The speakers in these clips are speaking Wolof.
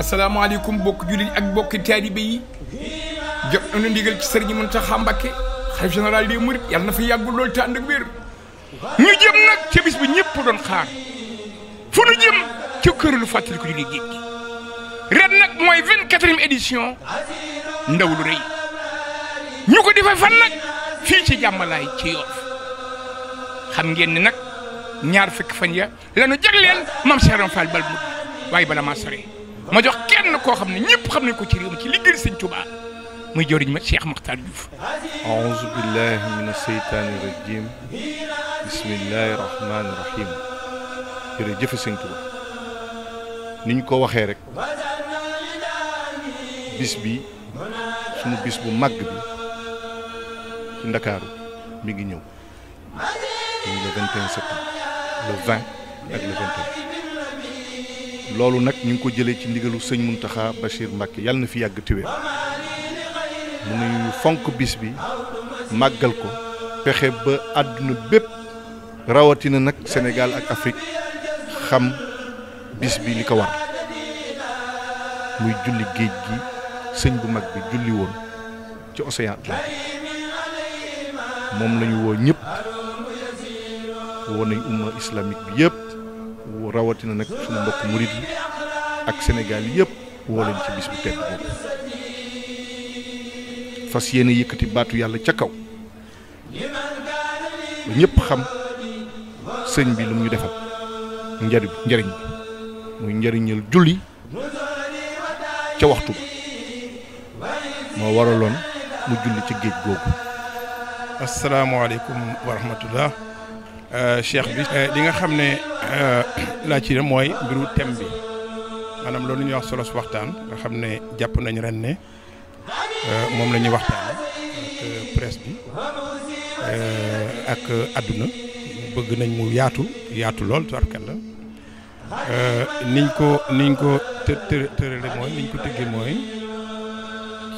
asalaamaaleykum bokk jullit ak bokk taalibe yi jot nañu ndigal ci sëriñ Mountakha Mbacké xalif général des mourides yàlla na fa yàggul loolu te ànd ak wér jëm nag ca bis bi ñëpp doon xaar fu nu jëm ca kër lu fàttali ko jullit nag mooy vingt-quatrième édition ndaw lu ñu ko defee fan nag fii ci jàmmalaay ci Yoff xam ngeen ni nag ñaar fekk fan ya la nu jagleel maam Cheikh Fall bal mu waaye bala maa sore ma jox kenn koo xam ne ñëpp xam nañ ko ci réew ci liggéey sëñ Tuubaa muy jëriñ ma Cheikh Makhtar Diouf aouzu billahi mina seytaani rajim bismillahi rahmaani rahim jërëjëf sëñ Tuubaa niñ ko waxee rek bis bi suñu bis bu màgg bi ci ndakaaru mi ngi ñëw muy le 21 septembre le 20 ak le 21 loolu nag ñu ngi ko jëlee ci ndigalu sëñ taxa Bachir Mbacke yàlla na fi yàgg tiwee mu nuyu fonk bis bi màggal ko pexe ba àdduna bépp rawatina nag Sénégal ak Afrique xam bis bi li ko war muy julli géej gi sëñ bu mag bi julli woon ci océan Atlantique moom lañu woo ñëpp woo nañ umma islamique bi yëpp rawatina nag suñu mbokk murit yëpp woo ci bis fas yéene yëkkati baatu yàlla ca kaw ba ñëpp xam sëñ bi lu mu ñu defal njariñ njariñ muy njariñal julli ca waxtu ba moo waraloon mu julli ci géej googu asalaamaaleykum wa rahmatullah Euh, cheikh bi euh, li nga xam ne euh, laa ci mooy mbiru thème bi maanaam loolu ñuy wax solo su waxtaan nga xam ne jàpp nañ ren ne moom la ñuy waxtaan ak presse bi ak àdduna bëgg nañ mu yaatu yaatu lool tarkal la niñ ko niñ ko të tërale mooy mooy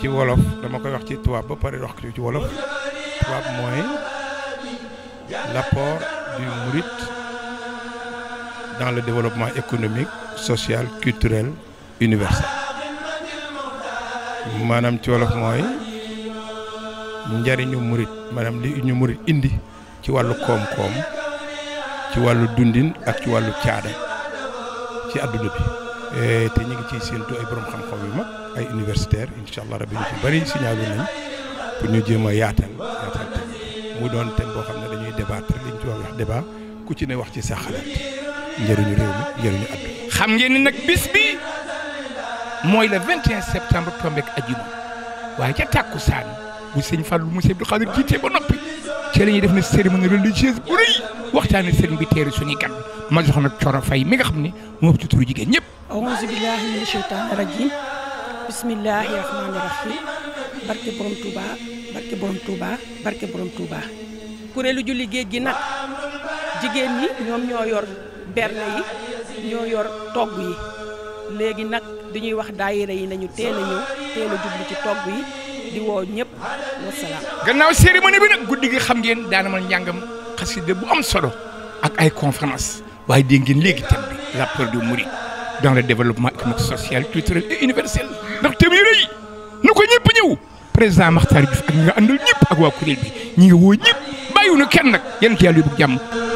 ci wolof dama koy wax ci tubaab ba pare wax ci wolof tubaab mooy l'apport du Mourit dans le développement économique, social, culturel, universel. maanaam ci wolof mooy njariñu murit maanaam li ñu murit indi ci wàllu koom-koom ci wàllu dundin ak ci wàllu caada ci àdduna bi eh, te ñu ngi ciy séentu ay borom xam-xam yu mag ay universitaire incha allah rabi ñu ci bëri signalé nañ pour ñu jéem a mu doon thème boo xam ne dañuy débattre ci Waawee ku ci ne wax ci sa xalaat njëriñu réew mi njëriñu àdduna xam ngeen ni nag bis bi mooy le 21 septembre tombeek ajjuma waaye ca tàkkusaan bu sëñ Fallou mu sëñ Abdou Khadir jiite ba noppi ci la ñuy def na cérémonie religieuse bu rëy waxtaane sëriñ bi teeri suñuy gan ma jox nag Coro Fay mi nga xam ne moo ëpp ci turu jigéen ñëpp aouzu billahi mina sheytaani rajim bismillahi rahmaani rahim barke borom Touba barke borom Touba barke borom Touba kuréelu jigéen ñi ñoom ñoo yor berne yi ñoo yor togg yi léegi nag dañuy wax daayira yi nañu teel a ñëw ci togg yi di woo ñëpp wasalaam. gannaaw cérémonie bi nag guddi gi xam ngeen daana ma njàngam xasida bu am solo ak ay conférence waaye dégg ngeen léegi thème bi l'apport du mouride dans le développement économique social culturel et universel ndax thème yu rëy nu ko ñëpp ñëw président Makhtar Diouf ak ñi nga àndal ñëpp ak waa kuréel bi ñi nga woo ñëpp bàyyiwu kenn nag yéen jàmm.